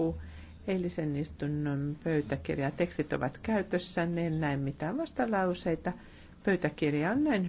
jatkuu. Eilisen istunnon pöytäkirja. Tekstit ovat käytössä, niin näin mitään vastalauseita. Pöytäkirja on näin